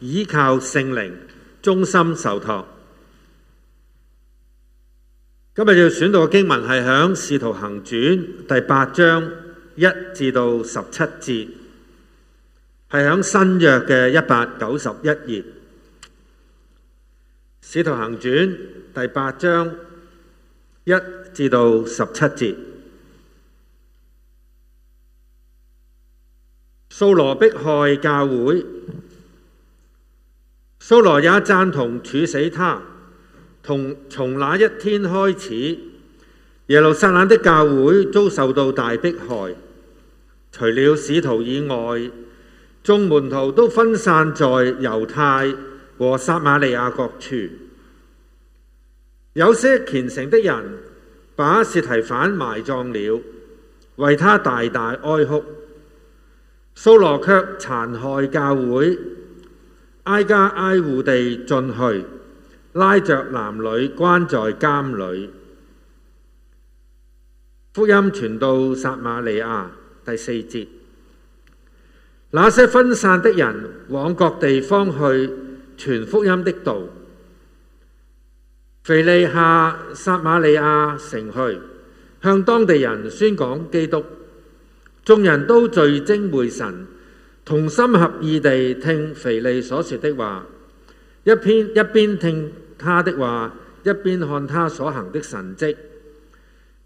依靠聖靈，忠心受託。今日要選到嘅經文係響《使徒行傳》第八章一至到十七節，係響新約嘅一百九十一頁，《使徒行傳》第八章一至到十七節，掃羅迫害教會。蘇羅也贊同處死他，同從那一天開始，耶路撒冷的教會遭受到大迫害。除了使徒以外，眾門徒都分散在猶太和撒瑪利亞各處。有些虔誠的人把司提反埋葬了，為他大大哀哭。蘇羅却殘害教會。挨家挨戶地進去，拉着男女關在監裏。福音傳到撒瑪利亞，第四節，那些分散的人往各地方去傳福音的道。腓利下撒瑪利亞城去，向當地人宣講基督，眾人都聚精會神。同心合意地聽腓利所說的話，一邊一邊聽他的話，一邊看他所行的神迹，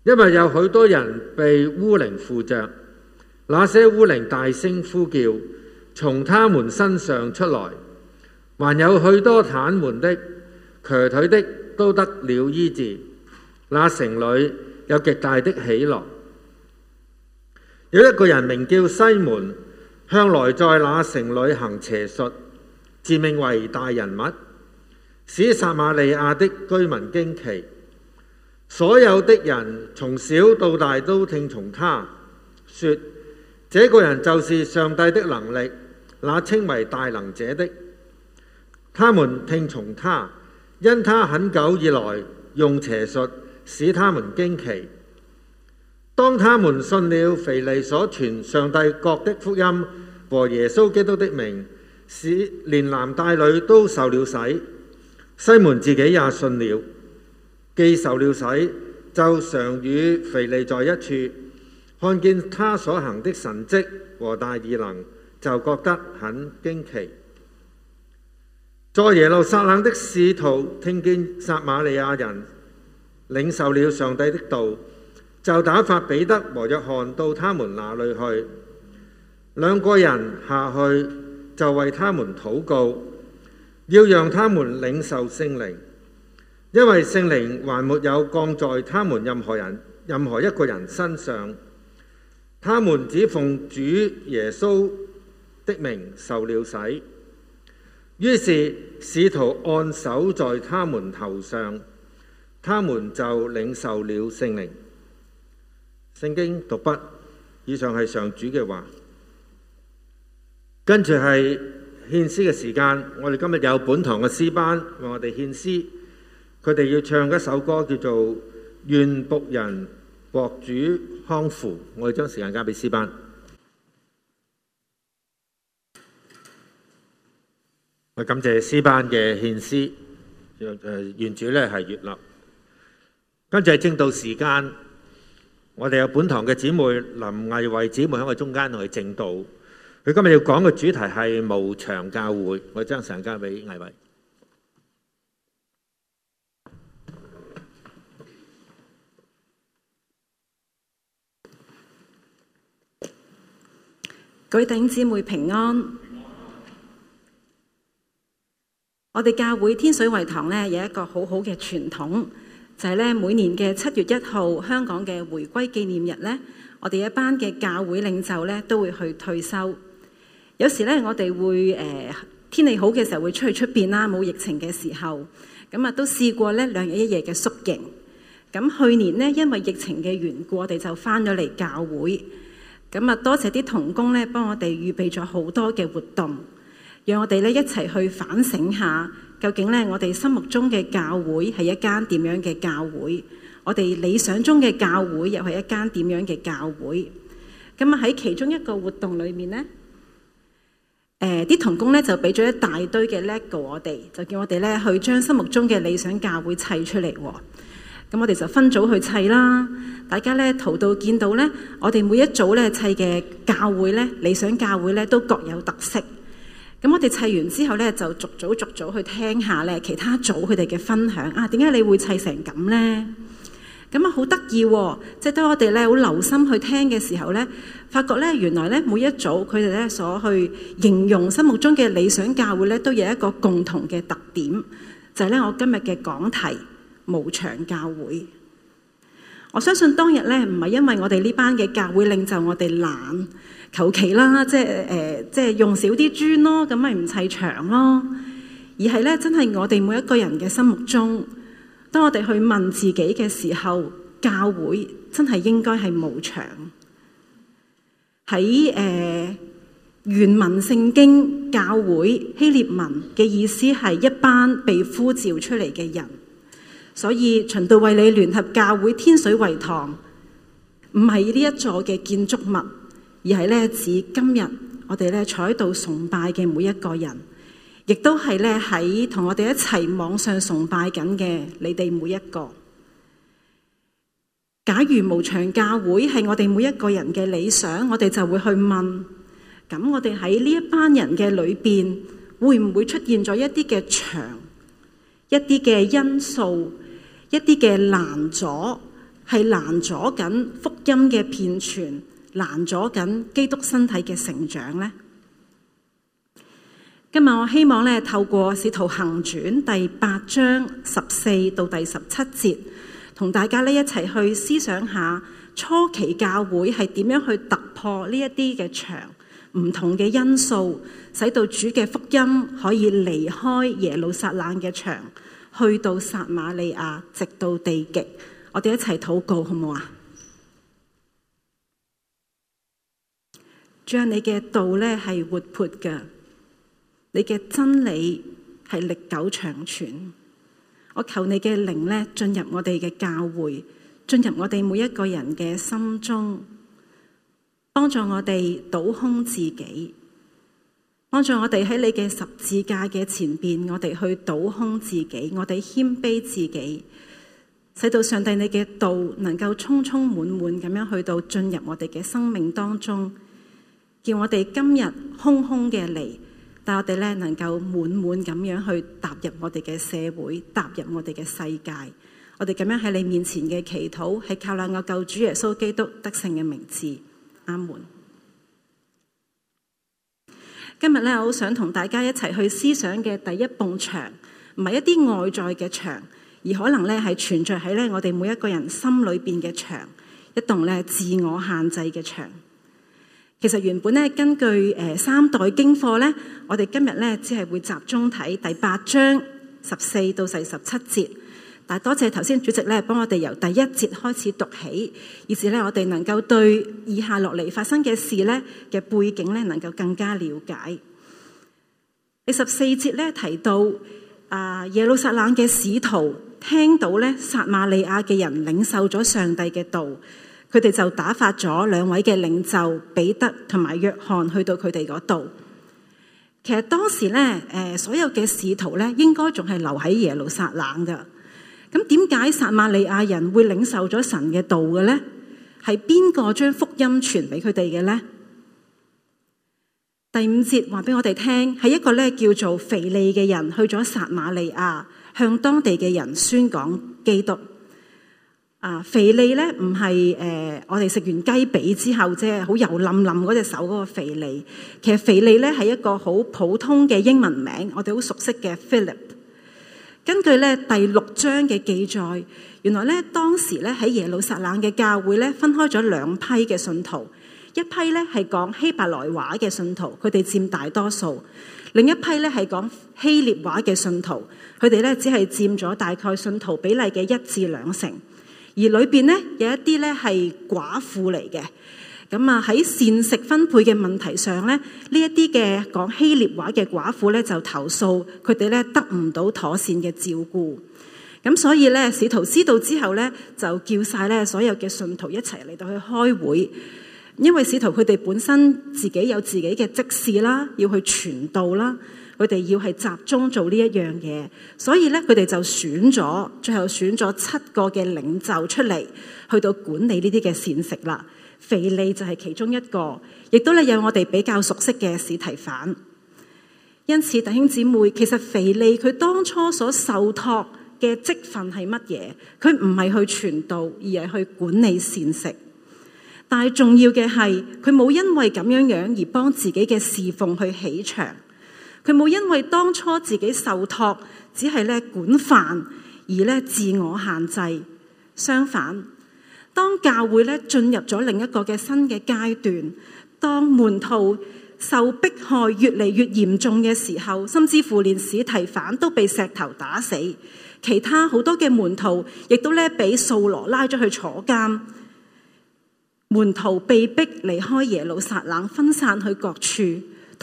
因為有許多人被污靈附着，那些污靈大聲呼叫，從他們身上出來，還有許多癱瘓的、瘸腿的都得了醫治，那城裏有極大的喜樂。有一個人名叫西門。向來在那城裏行邪術，自命為大人物，使撒瑪利亞的居民驚奇。所有的人從小到大都聽從他，說：這個人就是上帝的能力，那稱為大能者的。他們聽從他，因他很久以來用邪術使他們驚奇。當他們信了腓利所傳上帝國的福音。和耶穌基督的名，使連男帶女都受了洗。西門自己也信了，既受了洗，就常與腓利在一處，看見他所行的神蹟和大異能，就覺得很驚奇。在耶路撒冷的使徒，聽見撒瑪利亞人領受了上帝的道，就打發彼得和約翰到他們那裏去。兩個人下去就為他們禱告，要讓他們領受聖靈，因為聖靈還沒有降在他們任何人、任何一個人身上。他們只奉主耶穌的名受了洗，於是使徒按手在他們頭上，他們就領受了聖靈。聖經讀畢，以上係上主嘅話。跟住係獻詩嘅時間，我哋今日有本堂嘅詩班為我哋獻詩，佢哋要唱一首歌叫做《願僕人國主康扶》，我哋將時間交俾詩班。我感謝詩班嘅獻詩，誒，願主咧係悅納。跟住係正道時間，我哋有本堂嘅姊妹，林毅慧姊妹喺我中間同佢正道。佢今日要講嘅主題係無牆教會，我將時間交俾毅慧。各位弟兄姊妹平安。我哋教會天水圍堂咧有一個好好嘅傳統，就係咧每年嘅七月一號香港嘅回歸紀念日咧，我哋一班嘅教會領袖咧都會去退休。有時咧，我哋會誒天氣好嘅時候會出去出面啦。冇疫情嘅時候，咁啊都試過咧兩日一夜嘅宿營。咁去年咧，因為疫情嘅緣故，我哋就返咗嚟教會。咁啊，多謝啲同工咧，幫我哋預備咗好多嘅活動，讓我哋咧一齊去反省下究竟咧我哋心目中嘅教會係一間點樣嘅教會？我哋理想中嘅教會又係一間點樣嘅教會？咁啊喺其中一個活動裏面咧。誒，啲、呃、童工咧就俾咗一大堆嘅 lego 我哋，就叫我哋咧去將心目中嘅理想教會砌出嚟。咁我哋就分組去砌啦。大家咧涂到見到咧，我哋每一組咧砌嘅教會咧，理想教會咧都各有特色。咁我哋砌完之後咧，就逐組逐組去聽下咧，其他組佢哋嘅分享。啊，點解你會砌成咁咧？咁啊，好得意。即係當我哋咧好留心去聽嘅時候咧。發覺咧，原來咧每一組佢哋咧所去形容心目中嘅理想教會咧，都有一個共同嘅特點，就係咧我今日嘅講題無牆教會。我相信當日咧唔係因為我哋呢班嘅教會領袖我哋懶求其啦，即係誒、呃、即係用少啲磚咯，咁咪唔砌牆咯，而係咧真係我哋每一個人嘅心目中，當我哋去問自己嘅時候，教會真係應該係無牆。喺誒、呃，原文聖經教會希臘文嘅意思係一班被呼召出嚟嘅人，所以循道衛理聯合教會天水圍堂，唔係呢一座嘅建築物，而係咧指今日我哋咧坐喺度崇拜嘅每一個人，亦都係咧喺同我哋一齊網上崇拜緊嘅你哋每一個。假如無牆教會係我哋每一個人嘅理想，我哋就會去問：咁我哋喺呢一班人嘅裏邊，會唔會出現咗一啲嘅牆、一啲嘅因素、一啲嘅攔阻，係攔阻緊福音嘅遍傳，攔阻緊基督身體嘅成長呢？今日我希望咧，透過《使徒行傳》第八章十四到第十七節。同大家呢一齊去思想下初期教會係點樣去突破呢一啲嘅牆、唔同嘅因素，使到主嘅福音可以離開耶路撒冷嘅牆去到撒瑪利亞直到地極，我哋一齊禱告好唔好啊？將你嘅道呢係活潑嘅，你嘅真理係歷久長存。我求你嘅靈咧，進入我哋嘅教會，進入我哋每一個人嘅心中，幫助我哋倒空自己，幫助我哋喺你嘅十字架嘅前邊，我哋去倒空自己，我哋謙卑自己，使到上帝你嘅道能夠充充滿滿咁樣去到進入我哋嘅生命當中，叫我哋今日空空嘅嚟。但我哋咧，能夠滿滿咁樣去踏入我哋嘅社會，踏入我哋嘅世界，我哋咁樣喺你面前嘅祈禱，係靠賴我救主耶穌基督得勝嘅名字，阿門。今日咧，我好想同大家一齊去思想嘅第一埲牆，唔係一啲外在嘅牆，而可能咧係存在喺咧我哋每一個人心裏面嘅牆，一棟咧自我限制嘅牆。其實原本咧，根據《誒三代經課》咧,我哋今日咧只係會集中睇第八章十四到十七節。但係多謝頭先主席咧，幫我哋由第一節開始讀起，以至咧我哋能夠對以下落嚟發生嘅事咧嘅背景咧，能夠更加了解。第十四節咧提到啊，耶路撒冷嘅使徒聽到咧，撒瑪利亞嘅人領受咗上帝嘅道。佢哋就打發咗兩位嘅領袖彼得同埋約翰去到佢哋嗰度。其實當時咧，誒，所有嘅使徒咧，應該仲係留喺耶路撒冷噶。咁點解撒瑪利亞人會領受咗神嘅道嘅咧？係邊個將福音傳俾佢哋嘅咧？第五節話俾我哋聽，係一個咧叫做腓利嘅人去咗撒瑪利亞，向當地嘅人宣講基督。啊！肥利呢，唔係，誒，我哋食完雞髀之後啫，好油淋淋嗰隻手嗰個肥利。其實肥利呢係一個好普通嘅英文名，我哋好熟悉嘅 Philip。根據呢第六章嘅記載，原來呢當時呢喺耶路撒冷嘅教會呢，分開咗兩批嘅信徒，一批呢係講希伯來話嘅信徒，佢哋佔大多數；另一批呢係講希臘話嘅信徒，佢哋呢只係佔咗大概信徒比例嘅一至兩成。而裏邊呢，有一啲呢係寡婦嚟嘅。咁啊，喺膳食分配嘅問題上呢，呢一啲嘅講希臘話嘅寡婦呢，就投訴佢哋呢得唔到妥善嘅照顧咁，所以呢，使徒知道之後呢，就叫晒呢所有嘅信徒一齊嚟到去開會，因為使徒佢哋本身自己有自己嘅職事啦，要去傳道啦。佢哋要係集中做呢一樣嘢，所以咧佢哋就選咗最後選咗七個嘅領袖出嚟去到管理呢啲嘅膳食啦。腓利就係其中一個，亦都咧有我哋比較熟悉嘅史提反。因此弟兄姊妹，其實腓利佢當初所受託嘅職份係乜嘢？佢唔係去傳道，而係去管理膳食。但係重要嘅係佢冇因為咁樣樣而幫自己嘅侍奉去起場。佢冇因為當初自己受託，只係咧管飯而咧自我限制。相反，當教會咧進入咗另一個嘅新嘅階段，當門徒受迫害越嚟越嚴重嘅時候，甚至乎連司提反都被石頭打死，其他好多嘅門徒亦都咧俾掃羅拉咗去坐監，門徒被逼離開耶路撒冷，分散去各處。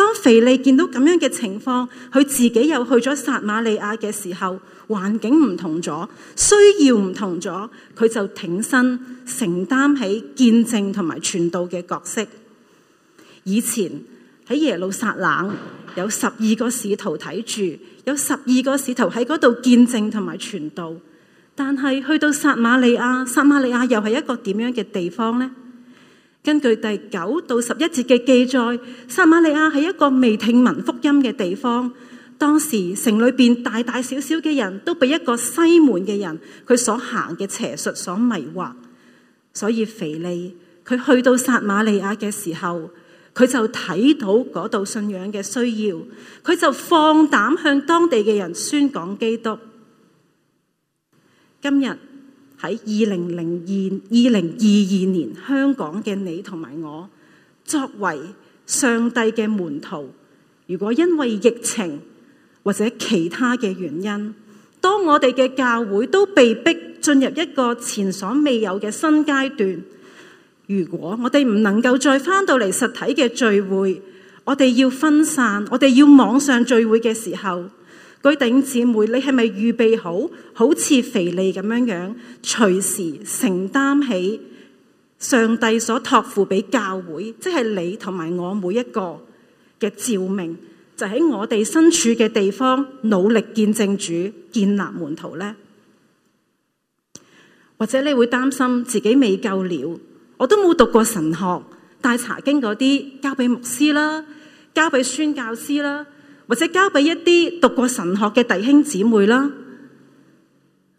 當腓利見到咁樣嘅情況，佢自己又去咗撒瑪利亞嘅時候，環境唔同咗，需要唔同咗，佢就挺身承擔起見證同埋傳道嘅角色。以前喺耶路撒冷有十二個使徒睇住，有十二個使徒喺嗰度見證同埋傳道，但係去到撒瑪利亞，撒瑪利亞又係一個點樣嘅地方呢？根據第九到十一節嘅記載，撒瑪利亞係一個未聽聞福音嘅地方。當時，城裏邊大大小小嘅人都被一個西門嘅人佢所行嘅邪術所迷惑。所以腓利，佢去到撒瑪利亞嘅時候，佢就睇到嗰度信仰嘅需要，佢就放膽向當地嘅人宣講基督。今日，喺二零零二二零二二年，香港嘅你同埋我，作為上帝嘅門徒，如果因為疫情或者其他嘅原因，當我哋嘅教會都被逼進入一個前所未有嘅新階段，如果我哋唔能夠再返到嚟實體嘅聚會，我哋要分散，我哋要網上聚會嘅時候。舉鼎姊妹，你係咪預備好，好似腓利咁樣樣，隨時承擔起上帝所託付俾教會，即係你同埋我每一個嘅召命，就喺我哋身處嘅地方努力見證主，建立門徒呢？或者你會擔心自己未夠料，我都冇讀過神學、帶查經嗰啲，交俾牧師啦，交俾宣教師啦。或者交俾一啲讀過神學嘅弟兄姊妹啦，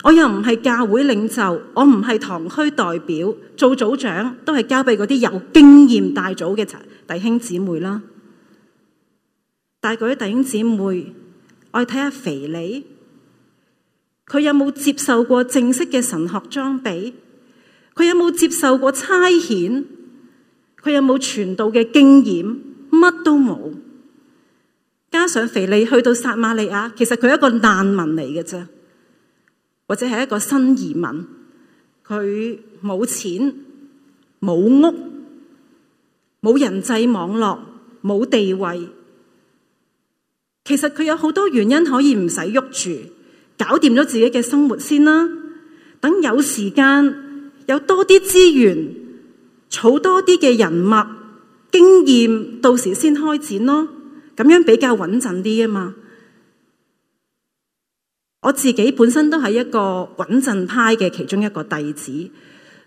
我又唔係教會領袖，我唔係堂區代表，做組長都係交俾嗰啲有經驗大組嘅弟兄姊妹啦。但係嗰啲弟兄姊妹，我睇下肥你，佢有冇接受過正式嘅神學裝備？佢有冇接受過差遣？佢有冇傳道嘅經驗？乜都冇。加上腓利去到撒瑪利亞，其實佢係一個難民嚟嘅啫，或者係一個新移民，佢冇錢、冇屋、冇人際網絡、冇地位。其實佢有好多原因可以唔使郁住，搞掂咗自己嘅生活先啦。等有時間，有多啲資源，儲多啲嘅人脈經驗，到時先開展咯。咁樣比較穩陣啲啊嘛！我自己本身都係一個穩陣派嘅其中一個弟子，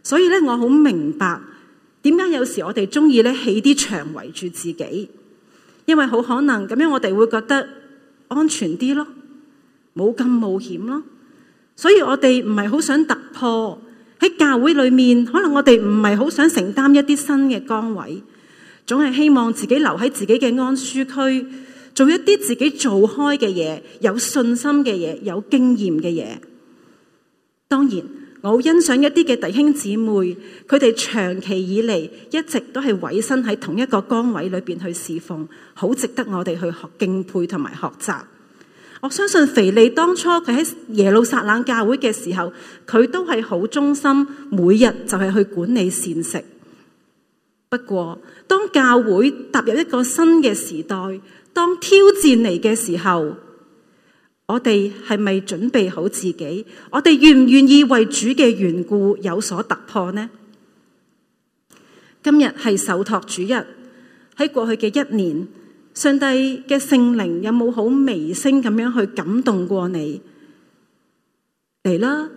所以咧我好明白點解有時我哋鍾意咧起啲牆圍住自己，因為好可能咁樣我哋會覺得安全啲咯，冇咁冒險咯。所以我哋唔係好想突破喺教會裏面，可能我哋唔係好想承擔一啲新嘅崗位。總係希望自己留喺自己嘅安舒區，做一啲自己做開嘅嘢，有信心嘅嘢，有經驗嘅嘢。當然，我好欣賞一啲嘅弟兄姊妹，佢哋長期以嚟一直都係委身喺同一個崗位裏邊去侍奉，好值得我哋去敬佩同埋學習。我相信肥利當初佢喺耶路撒冷教會嘅時候，佢都係好忠心，每日就係去管理膳食。不過，當教會踏入一個新嘅時代，當挑戰嚟嘅時候，我哋係咪準備好自己？我哋願唔願意為主嘅緣故有所突破呢？今日係受託主日，喺過去嘅一年，上帝嘅聖靈有冇好微聲咁樣去感動過你？嚟啦，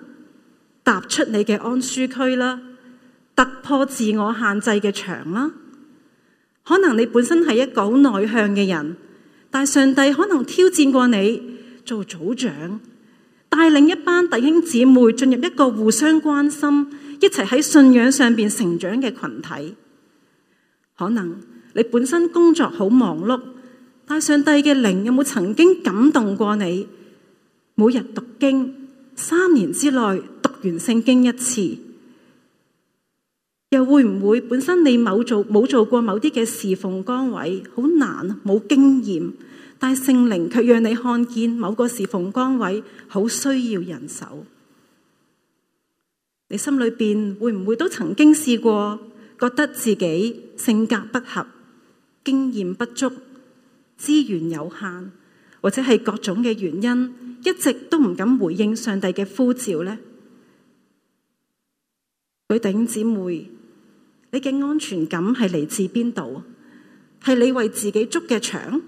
踏出你嘅安舒區啦！突破自我限制嘅牆啦，可能你本身係一個好內向嘅人，但上帝可能挑戰過你做組長，帶領一班弟兄姊妹進入一個互相關心、一齊喺信仰上邊成長嘅群體。可能你本身工作好忙碌，但上帝嘅靈有冇曾經感動過你？每日讀經，三年之內讀完聖經一次。又會不會，本身你冇做，沒有做過某些侍奉崗位，很難，沒有經驗，但是聖靈卻讓你看見某個侍奉崗位，很需要人手。你心裏邊，會不會都曾經試過，覺得自己性格不合，經驗不足，資源有限，或者是各種的原因，一直都不敢回應上帝的呼召呢？弟兄姊妹，你嘅安全感係嚟自邊度？係你為自己築嘅牆，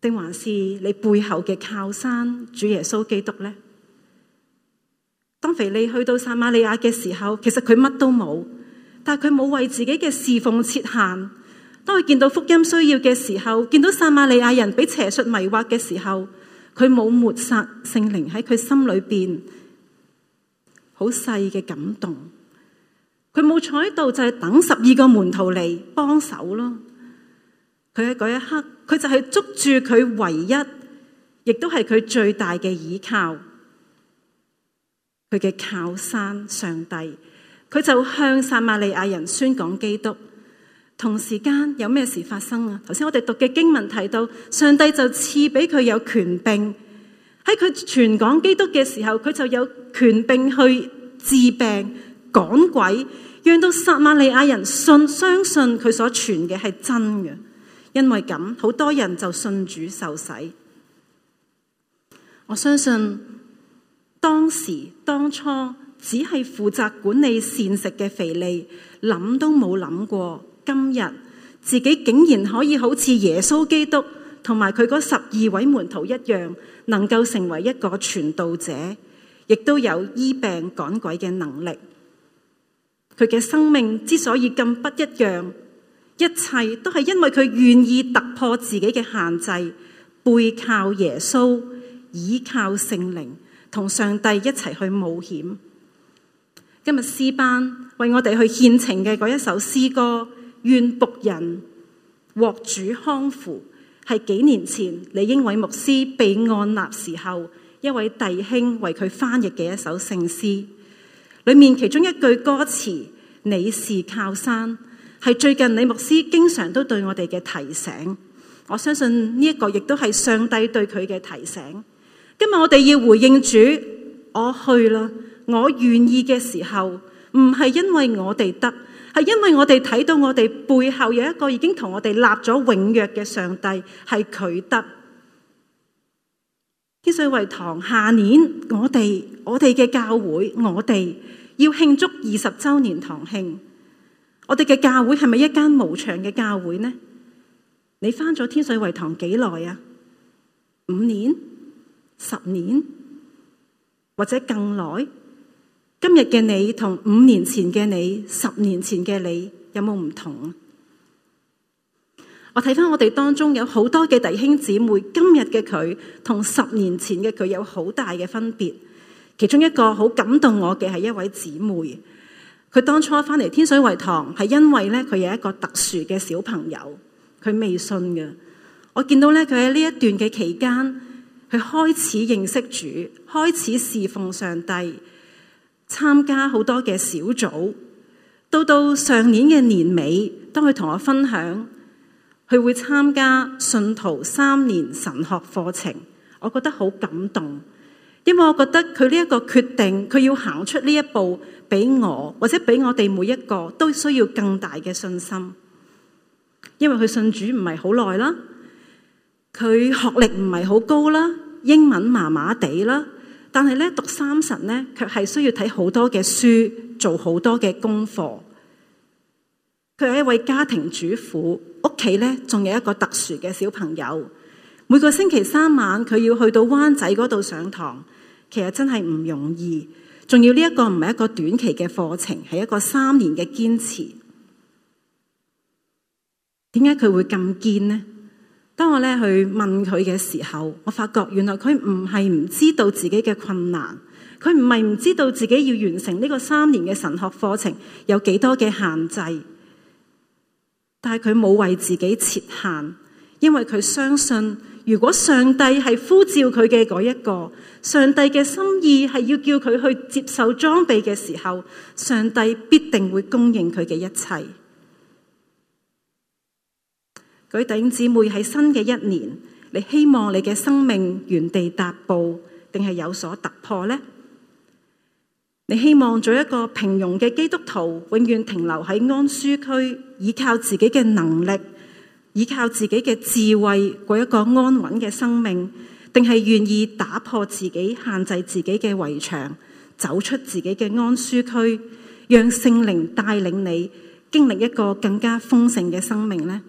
定還是你背後嘅靠山主耶穌基督呢？當腓利去到撒瑪利亞嘅時候，其實佢乜都冇，但係佢冇為自己嘅侍奉設限。當佢見到福音需要嘅時候，見到撒瑪利亞人被邪術迷惑嘅時候，佢冇抹殺聖靈喺佢心裏邊好細嘅感動。佢冇坐喺度，就係、是、等十二個門徒嚟幫手咯。佢喺嗰一刻，佢就係捉住佢唯一，亦都係佢最大嘅倚靠，佢嘅靠山上帝。佢就向撒瑪利亞人宣講基督。同時間有咩事發生啊？頭先我哋讀嘅經文提到，上帝就賜俾佢有權柄，喺佢傳講基督嘅時候，佢就有權柄去治病、趕鬼。讓到撒瑪利亞人信相信佢所傳嘅係真嘅，因為咁好多人就信主受洗。我相信當時當初只係負責管理膳食嘅腓利，諗都冇諗過今日自己竟然可以好似耶穌基督同埋佢嗰十二位門徒一樣，能夠成為一個傳道者，亦都有醫病趕鬼嘅能力。佢嘅生命之所以咁不一樣，一切都係因為佢願意突破自己嘅限制，背靠耶穌，倚靠聖靈，同上帝一齊去冒險。今日詩班為我哋去獻呈嘅嗰一首詩歌《願僕人獲主康復》，係幾年前李英偉牧師被按立時候，一位弟兄為佢翻譯嘅一首聖詩。裏面其中一句歌詞，你是靠山，係最近李牧師經常都對我哋嘅提醒。我相信呢一個亦都係上帝對佢嘅提醒。今日我哋要回應主，我去啦！我願意嘅時候，唔係因為我哋得，係因為我哋睇到我哋背後有一個已經同我哋立咗永約嘅上帝，係佢得。天水圍堂下年，我哋我哋嘅教會，我哋。要慶祝二十周年堂慶，我哋嘅教會係咪一間無牆嘅教會呢？你翻咗天水圍堂幾耐啊？五年、十年或者更耐？今日嘅你同五年前嘅你、十年前嘅你有冇唔同？我睇翻我哋當中有好多嘅弟兄姊妹，今日嘅佢同十年前嘅佢有好大嘅分別。其中一個好感動我嘅係一位姐妹，佢當初翻嚟天水圍堂係因為咧佢有一個特殊嘅小朋友，佢未信嘅。我見到咧佢喺呢一段嘅期間，佢開始認識主，開始侍奉上帝，參加好多嘅小組，到到上年嘅年尾，當佢同我分享，佢會參加信徒三年神學課程，我覺得好感動。因為我覺得佢呢一個決定，佢要行出呢一步，俾我或者俾我哋每一個都需要更大嘅信心。因為佢信主唔係好耐啦，佢學歷唔係好高啦，英文麻麻地啦，但係咧讀三神咧，卻係需要睇好多嘅書，做好多嘅功課。佢係一位家庭主婦，屋企咧仲有一個特殊嘅小朋友。每個星期三晚，佢要去到灣仔嗰度上堂。其實真係唔容易，仲要呢一個唔係一個短期嘅課程，係一個三年嘅堅持。點解佢會咁堅呢？當我呢去問佢嘅時候，我發覺原來佢唔係唔知道自己嘅困難，佢唔係唔知道自己要完成呢個三年嘅神學課程有幾多嘅限制，但係佢冇為自己設限，因為佢相信。如果上帝係呼召佢嘅嗰一個，上帝嘅心意係要叫佢去接受裝備嘅時候，上帝必定會供應佢嘅一切。弟兄姊妹喺新嘅一年，你希望你嘅生命原地踏步，定係有所突破呢？你希望做一個平庸嘅基督徒，永遠停留喺安舒區，依靠自己嘅能力？依靠自己嘅智慧，過一個安穩嘅生命，定係願意打破自己限制自己嘅圍牆，走出自己嘅安舒區，讓聖靈帶領你經歷一個更加豐盛嘅生命呢？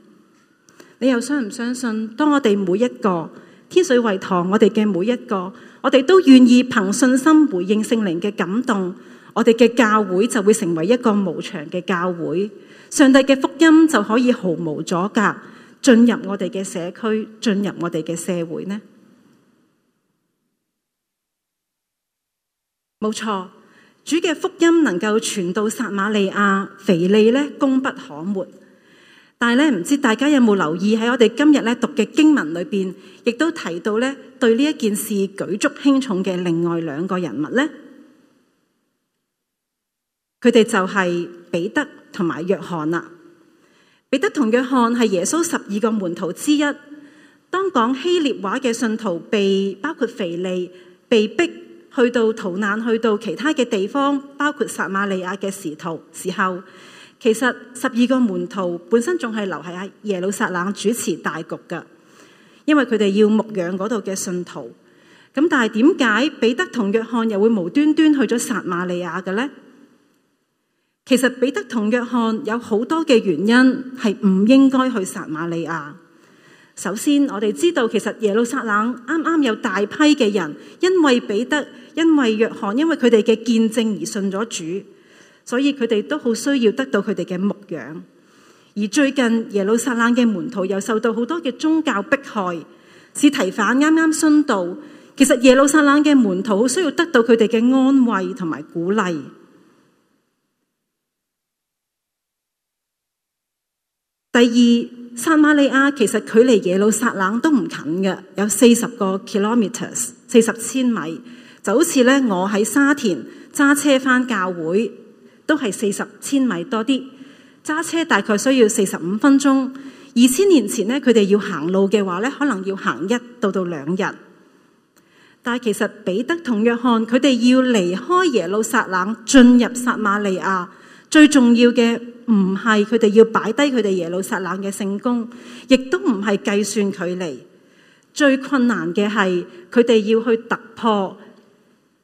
你又相唔相信？當我哋每一個天水圍堂，我哋嘅每一個，我哋都願意憑信心回應聖靈嘅感動，我哋嘅教會就會成為一個無牆嘅教會，上帝嘅福音就可以毫無阻隔。進入我哋嘅社區，進入我哋嘅社會呢？冇錯，主嘅福音能夠傳到撒瑪利亞、腓利呢，功不可沒。但係咧，唔知大家有冇留意喺我哋今日咧讀嘅經文裏邊，亦都提到咧對呢一件事舉足輕重嘅另外兩個人物呢，佢哋就係彼得同埋約翰啦。彼得同約翰係耶穌十二個門徒之一。當講希臘話嘅信徒被包括腓利被逼去到逃難，去到其他嘅地方，包括撒瑪利亞嘅時途時候，其實十二個門徒本身仲係留喺耶路撒冷主持大局嘅，因為佢哋要牧養嗰度嘅信徒。咁但係點解彼得同約翰又會無端端去咗撒瑪利亞嘅呢？其實彼得同約翰有好多嘅原因係唔應該去撒瑪利亞。首先，我哋知道其實耶路撒冷啱啱有大批嘅人因為彼得、因為約翰、因為佢哋嘅見證而信咗主，所以佢哋都好需要得到佢哋嘅牧養。而最近耶路撒冷嘅門徒又受到好多嘅宗教迫害，司提反啱啱殉道。其實耶路撒冷嘅門徒好需要得到佢哋嘅安慰同埋鼓勵。第二，撒瑪利亞其實距離耶路撒冷都唔近嘅，有四十個 kilometers，四十千米，就好似咧我喺沙田揸車返教會，都係四十千米多啲，揸車大概需要四十五分鐘。二千年前咧，佢哋要行路嘅話咧，可能要行一到到兩日。但其實彼得同約翰佢哋要離開耶路撒冷，進入撒瑪利亞。最重要嘅唔係佢哋要擺低佢哋耶路撒冷嘅聖工，亦都唔係計算距離，最困難嘅係佢哋要去突破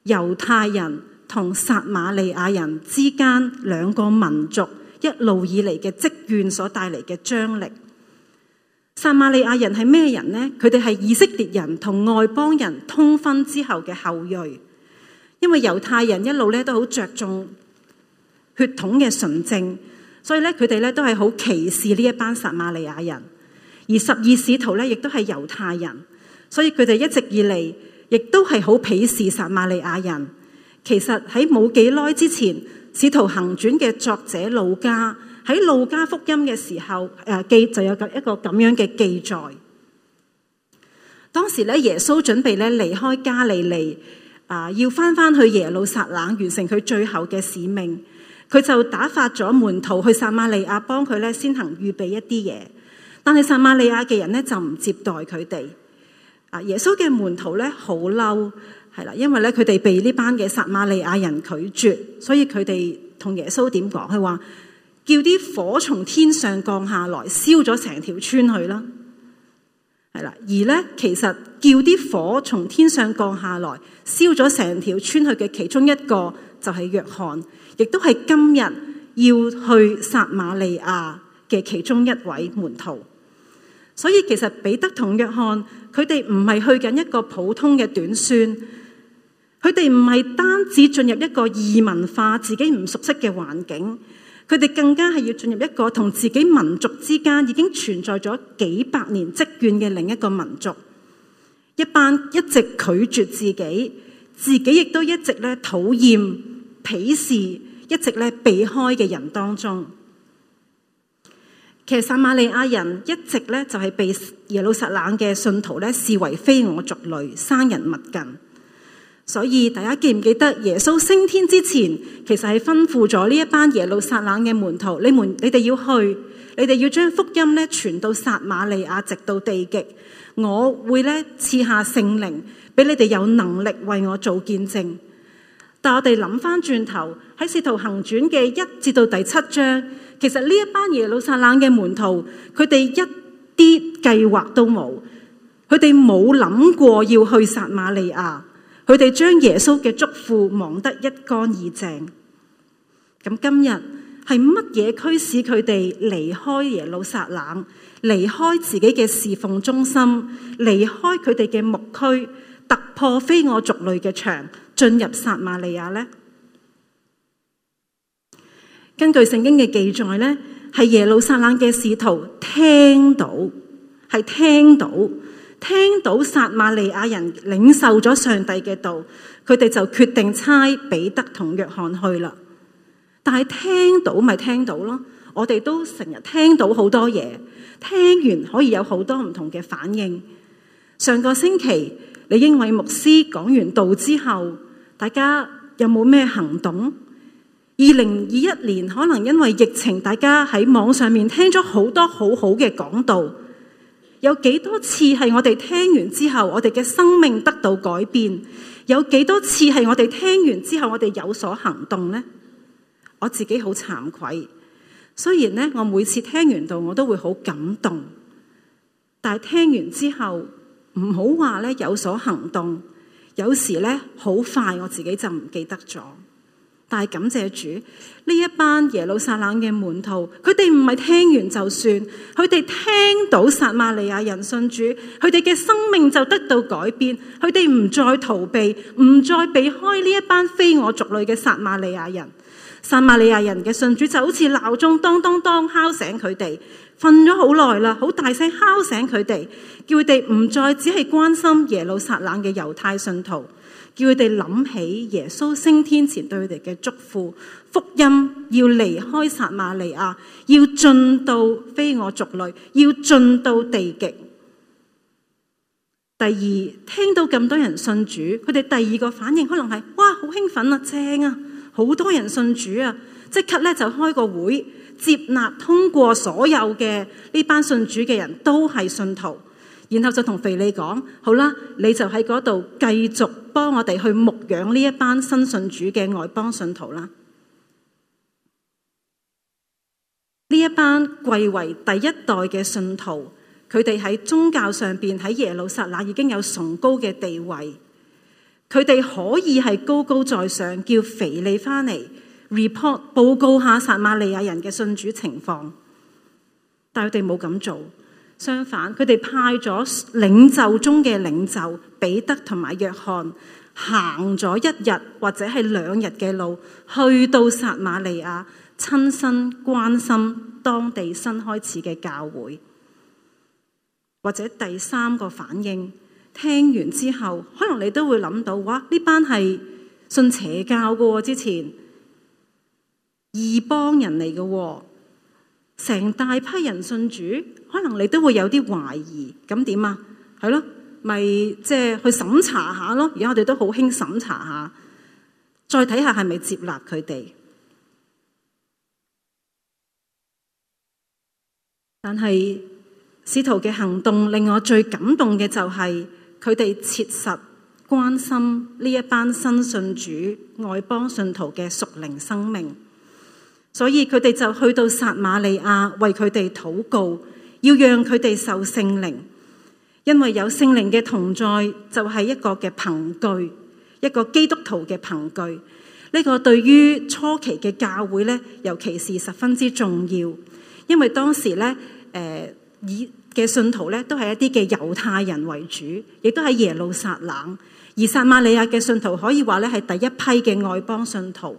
猶太人同撒瑪利亞人之間兩個民族一路以嚟嘅積怨所帶嚟嘅張力。撒瑪利亞人係咩人呢？佢哋係以色列人同外邦人通婚之後嘅後裔，因為猶太人一路咧都好着重。血統嘅純正，所以咧佢哋咧都係好歧視呢一班撒瑪利亞人。而十二使徒咧，亦都係猶太人，所以佢哋一直以嚟亦都係好鄙視撒瑪利亞人。其實喺冇幾耐之前，使徒行傳嘅作者路加喺路加福音嘅時候，誒記就有一個咁樣嘅記載。當時咧，耶穌準備咧離開加利利啊，要翻翻去耶路撒冷完成佢最後嘅使命。佢就打發咗門徒去撒瑪利亞幫佢咧，先行預備一啲嘢。但係撒瑪利亞嘅人咧就唔接待佢哋。啊，耶穌嘅門徒咧好嬲，係啦，因為咧佢哋被呢班嘅撒瑪利亞人拒絕，所以佢哋同耶穌點講？佢話叫啲火從天上降下來，燒咗成條村去啦。係啦，而咧其實叫啲火從天上降下來，燒咗成條村去嘅其中一個。就係約翰，亦都係今日要去撒瑪利亞嘅其中一位門徒。所以其實彼得同約翰，佢哋唔係去緊一個普通嘅短宣，佢哋唔係單止進入一個異文化、自己唔熟悉嘅環境，佢哋更加係要進入一個同自己民族之間已經存在咗幾百年積怨嘅另一個民族，一班一直拒絕自己，自己亦都一直咧討厭。鄙視一直呢避開嘅人當中，其實撒瑪利亞人一直呢就係、是、被耶路撒冷嘅信徒呢視為非我族類，生人勿近。所以大家記唔記得耶穌升天之前，其實係吩咐咗呢一班耶路撒冷嘅門徒，你們你哋要去，你哋要將福音呢傳到撒瑪利亞，直到地極。我會呢賜下聖靈俾你哋有能力為我做見證。但我哋諗翻轉頭喺使徒行傳嘅一至到第七章，其實呢一班耶路撒冷嘅門徒，佢哋一啲計劃都冇，佢哋冇諗過要去撒瑪利亞，佢哋將耶穌嘅囑咐忘得一乾二淨。咁今日係乜嘢驅使佢哋離開耶路撒冷，離開自己嘅侍奉中心，離開佢哋嘅牧區，突破非我族類嘅牆？進入撒瑪利亞呢？根據聖經嘅記載呢，係耶路撒冷嘅使徒聽到，係聽到，聽到撒瑪利亞人領受咗上帝嘅道，佢哋就決定差彼得同約翰去啦。但係聽到咪聽到咯，我哋都成日聽到好多嘢，聽完可以有好多唔同嘅反應。上個星期李英偉牧師講完道之後。大家有冇咩行動？二零二一年可能因為疫情，大家喺網上面聽咗好多好好嘅講道。有幾多次係我哋聽完之後，我哋嘅生命得到改變？有幾多次係我哋聽完之後，我哋有所行動呢？我自己好慚愧。雖然呢，我每次聽完到我都會好感動，但係聽完之後唔好話咧有所行動。有時咧，好快我自己就唔記得咗。但係感謝主，呢一班耶路撒冷嘅門徒，佢哋唔係聽完就算，佢哋聽到撒瑪利亞人信主，佢哋嘅生命就得到改變，佢哋唔再逃避，唔再避開呢一班非我族類嘅撒瑪利亞人。撒瑪利亞人嘅信主就好似鬧鐘噹噹噹，當當當敲醒佢哋。瞓咗好耐啦，好大聲敲醒佢哋，叫佢哋唔再只係關心耶路撒冷嘅猶太信徒，叫佢哋諗起耶穌升天前對佢哋嘅祝福，福音，要離開撒瑪利亞，要進到非我族類，要進到地極。第二聽到咁多人信主，佢哋第二個反應可能係哇，好興奮啊，正啊，好多人信主啊，即刻咧就開個會。接納通過所有嘅呢班信主嘅人都係信徒，然後就同腓利講：好啦，你就喺嗰度繼續幫我哋去牧養呢一班新信主嘅外邦信徒啦。呢一班貴為第一代嘅信徒，佢哋喺宗教上面喺耶路撒冷已經有崇高嘅地位，佢哋可以係高高在上，叫腓利翻嚟，report 報告下撒瑪利亞人嘅信主情況，但佢哋冇咁做。相反，佢哋派咗領袖中嘅領袖彼得同埋約翰行咗一日或者係兩日嘅路，去到撒瑪利亞，親身關心當地新開始嘅教會。或者第三個反應，聽完之後，可能你都會諗到哇，呢班係信邪教㗎喎，之前。義邦人嚟嘅，成大批人信主，可能你都會有啲懷疑，咁點啊？係咯，咪即係去審查下咯。而家我哋都好興審查下，再睇下係咪接納佢哋。但係使徒嘅行動令我最感動嘅就係佢哋切實關心呢一班新信主、外邦信徒嘅屬靈生命。所以佢哋就去到撒瑪利亞為佢哋禱告，要讓佢哋受聖靈，因為有聖靈嘅同在就係、是、一個嘅憑據，一個基督徒嘅憑據。呢、這個對於初期嘅教會咧，尤其是十分之重要，因為當時咧，誒以嘅信徒咧都係一啲嘅猶太人為主，亦都喺耶路撒冷。而撒瑪利亞嘅信徒可以話咧係第一批嘅外邦信徒。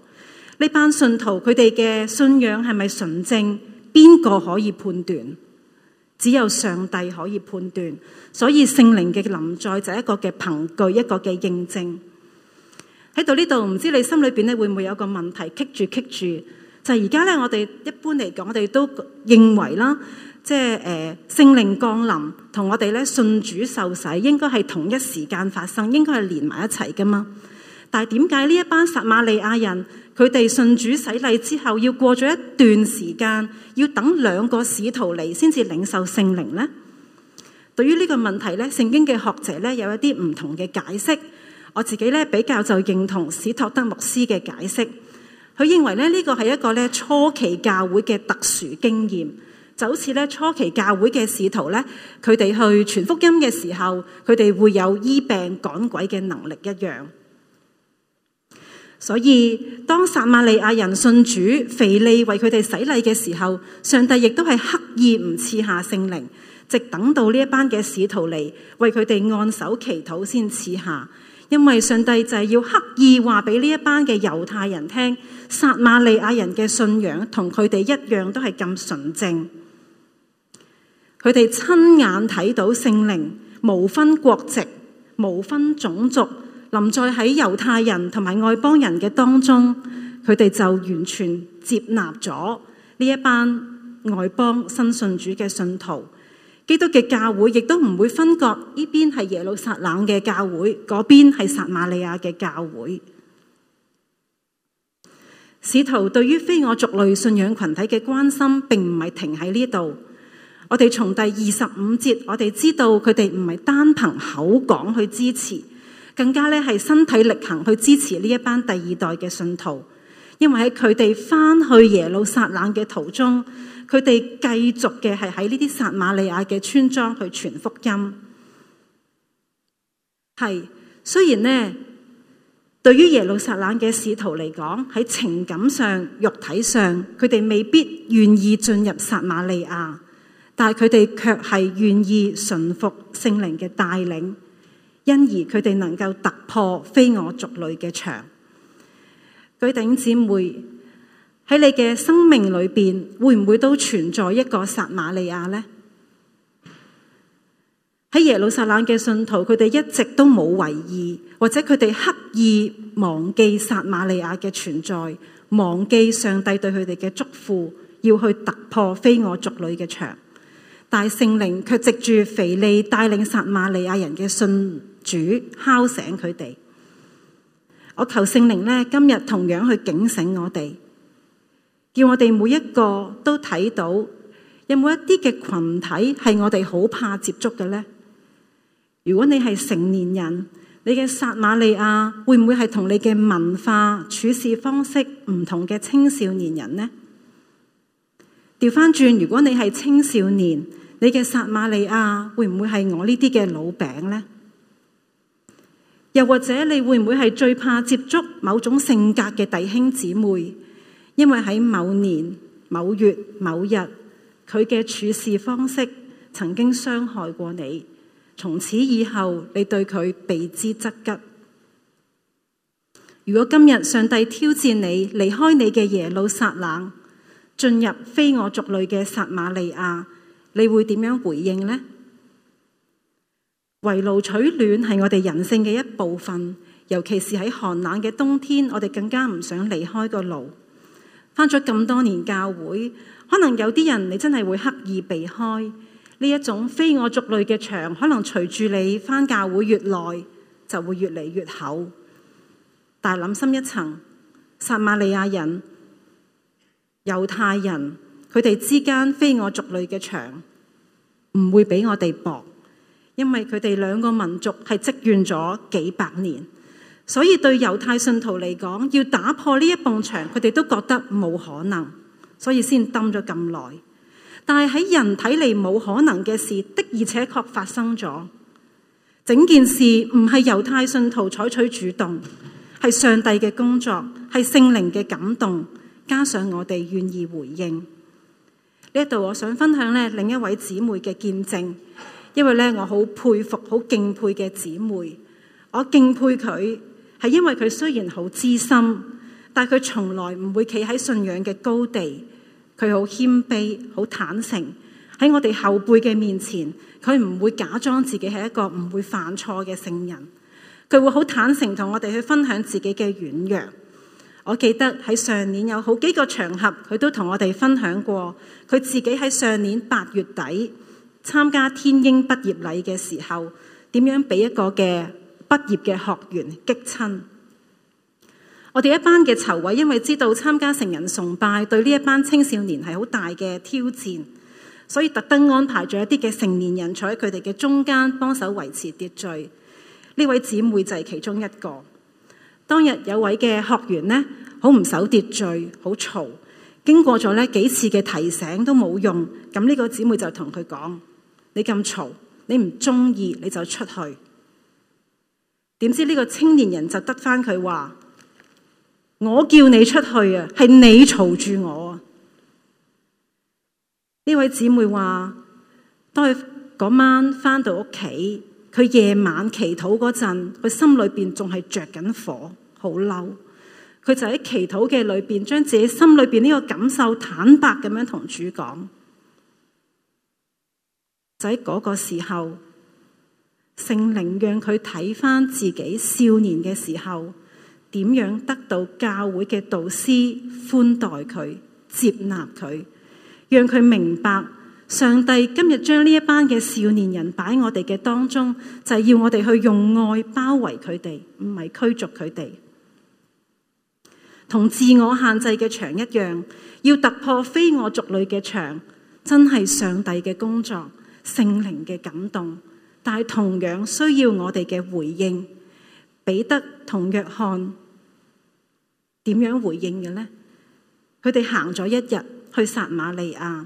呢班信徒佢哋嘅信仰係咪純正？邊個可以判斷？只有上帝可以判斷。所以聖靈嘅臨在就係一個嘅憑據，一個嘅認證。喺度呢度，唔知你心裏邊咧會唔會有個問題，棘住棘住就係而家咧。我哋一般嚟講，我哋都認為啦，即係誒聖靈降臨同我哋咧信主受洗應該係同一時間發生，應該係連埋一齊噶嘛。但係點解呢一班撒瑪利亞人？佢哋信主洗禮之後，要過咗一段時間，要等兩個使徒嚟先至領受聖靈呢？對於呢個問題呢，聖經嘅學者呢有一啲唔同嘅解釋。我自己呢比較就認同史托德牧師嘅解釋。佢認為呢呢個係一個呢初期教會嘅特殊經驗，就好似呢初期教會嘅使徒呢，佢哋去傳福音嘅時候，佢哋會有醫病趕鬼嘅能力一樣。所以，當撒瑪利亞人信主，腓利為佢哋洗禮嘅時候，上帝亦都係刻意唔賜下聖靈，直等到呢一班嘅使徒嚟為佢哋按手祈禱先賜下。因為上帝就係要刻意話俾呢一班嘅猶太人聽，撒瑪利亞人嘅信仰同佢哋一樣都係咁純正。佢哋親眼睇到聖靈，無分國籍，無分種族。臨在喺猶太人同埋外邦人嘅當中，佢哋就完全接納咗呢一班外邦新信主嘅信徒。基督嘅教會亦都唔會分割呢邊係耶路撒冷嘅教會，嗰邊係撒瑪利亞嘅教會。使徒對於非我族類信仰群體嘅關心，並唔係停喺呢度。我哋從第二十五節，我哋知道佢哋唔係單憑口講去支持。更加咧係身體力行去支持呢一班第二代嘅信徒，因為喺佢哋翻去耶路撒冷嘅途中，佢哋繼續嘅係喺呢啲撒瑪利亞嘅村莊去傳福音。係雖然呢，對於耶路撒冷嘅使徒嚟講，喺情感上、肉體上，佢哋未必願意進入撒瑪利亞，但係佢哋卻係願意順服聖靈嘅帶領。因而佢哋能夠突破非我族類嘅牆。弟兄姊妹，喺你嘅生命裏邊，會唔會都存在一個撒瑪利亞呢？喺耶路撒冷嘅信徒，佢哋一直都冇為意，或者佢哋刻意忘記撒瑪利亞嘅存在，忘記上帝對佢哋嘅祝福，要去突破非我族類嘅牆。但係聖靈卻藉住腓利帶領撒瑪利亞人嘅信。主敲醒佢哋，我求聖靈呢，今日同樣去警醒我哋，叫我哋每一個都睇到，有冇一啲嘅群體係我哋好怕接觸嘅呢？如果你係成年人，你嘅撒瑪利亞會唔會係同你嘅文化處事方式唔同嘅青少年人呢？調翻轉，如果你係青少年，你嘅撒瑪利亞會唔會係我呢啲嘅老餅呢？又或者你會唔會係最怕接觸某種性格嘅弟兄姊妹？因為喺某年某月某日，佢嘅處事方式曾經傷害過你，從此以後你對佢避之則吉。如果今日上帝挑戰你，離開你嘅耶路撒冷，進入非我族類嘅撒瑪利亞，你會點樣回應呢？圍爐取暖係我哋人性嘅一部分，尤其是喺寒冷嘅冬天，我哋更加唔想離開個爐。翻咗咁多年教會，可能有啲人你真係會刻意避開呢一種非我族類嘅牆。可能隨住你翻教會越耐，就會越嚟越厚。但係諗深一層，撒瑪利亞人、猶太人，佢哋之間非我族類嘅牆，唔會比我哋薄。因為佢哋兩個民族係積怨咗幾百年，所以對猶太信徒嚟講，要打破呢一埲牆，佢哋都覺得冇可能，所以先等咗咁耐。但係喺人睇嚟冇可能嘅事，的而且確發生咗。整件事唔係猶太信徒採取主動，係上帝嘅工作，係聖靈嘅感動，加上我哋願意回應。呢一度我想分享咧，另一位姊妹嘅見證。因為咧，我好佩服、好敬佩嘅姊妹，我敬佩佢係因為佢雖然好資深，但佢從來唔會企喺信仰嘅高地。佢好謙卑、好坦誠，喺我哋後輩嘅面前，佢唔會假裝自己係一個唔會犯錯嘅聖人。佢會好坦誠同我哋去分享自己嘅軟弱。我記得喺上年有好幾個場合，佢都同我哋分享過佢自己喺上年八月底，參加天英畢業禮嘅時候，點樣俾一個嘅畢業嘅學員激親。我哋一班嘅籌委因為知道參加成人崇拜對呢一班青少年係好大嘅挑戰，所以特登安排咗一啲嘅成年人坐喺佢哋嘅中間幫手維持秩序。呢位姐妹就係其中一個。當日有位嘅學員呢，好唔守秩序，好嘈。經過咗呢幾次嘅提醒都冇用，咁呢個姐妹就同佢講。你咁嘈，你唔中意你就出去。點知呢個青年人就得返佢話：我叫你出去啊，係你嘈住我啊！呢位姊妹話：當佢嗰晚翻到屋企，佢夜晚祈禱嗰陣，佢心裏邊仲係着緊火，好嬲。佢就喺祈禱嘅裏邊，將自己心裏邊呢個感受坦白咁樣同主講。就喺嗰個時候，聖靈讓佢睇翻自己少年嘅時候，點樣得到教會嘅導師寬待佢、接納佢，讓佢明白上帝今日將呢一班嘅少年人擺我哋嘅當中，就係要我哋去用愛包圍佢哋，唔係驅逐佢哋。同自我限制嘅牆一樣，要突破非我族類嘅牆，真係上帝嘅工作。聖靈嘅感動，但同樣需要我哋嘅回應。彼得同約翰點樣回應嘅呢？佢哋行咗一日去撒瑪利亞，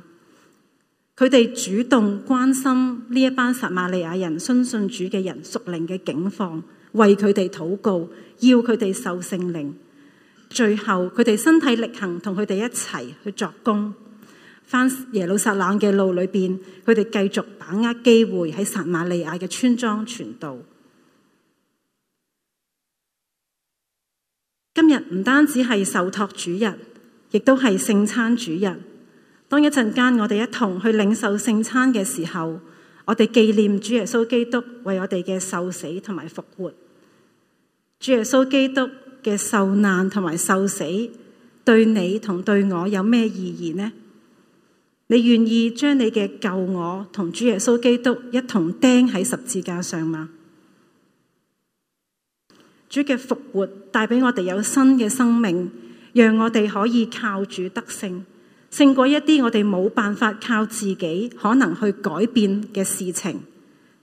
佢哋主動關心呢一班撒瑪利亞人信信主嘅人，屬靈嘅境況，為佢哋禱告，要佢哋受聖靈。最後佢哋身體力行，同佢哋一齊去作工。翻耶路撒冷嘅路裏邊，佢哋繼續把握機會喺撒瑪利亞嘅村莊傳道。今日唔單止係受託主日，亦都係聖餐主日。當一陣間我哋一同去領受聖餐嘅時候，我哋紀念主耶穌基督為我哋嘅受死同埋復活。主耶穌基督嘅受難同埋受死，對你同對我有咩意義呢？你願意將你嘅舊我同主耶穌基督一同釘喺十字架上嗎？主嘅復活帶俾我哋有新嘅生命，讓我哋可以靠主得勝，勝過一啲我哋冇辦法靠自己可能去改變嘅事情，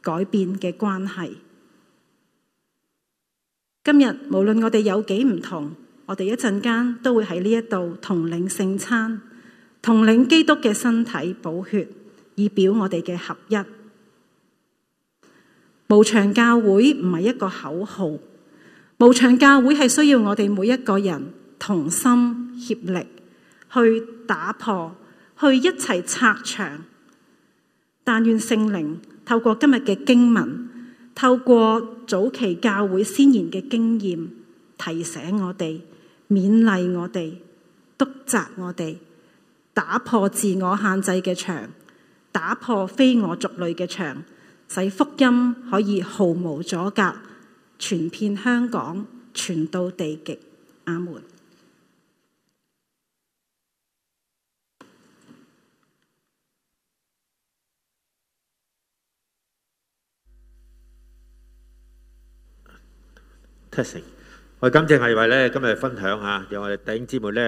改變嘅關係。今日無論我哋有幾唔同，我哋一陣間都會喺呢一度同領聖餐。同領基督嘅身體寶血，以表我哋嘅合一。無牆教會唔係一個口號，無牆教會係需要我哋每一個人同心協力去打破，去一齊拆牆。但願聖靈透過今日嘅經文，透過早期教會先賢嘅經驗，提醒我哋，勉勵我哋，督責我哋。打破自我限制嘅牆，打破非我族類嘅牆，使福音可以毫無阻隔，傳遍香港，傳到地極。阿門。謝我哋 testing 今次係為今日分享吓，由我哋頂姊妹咧。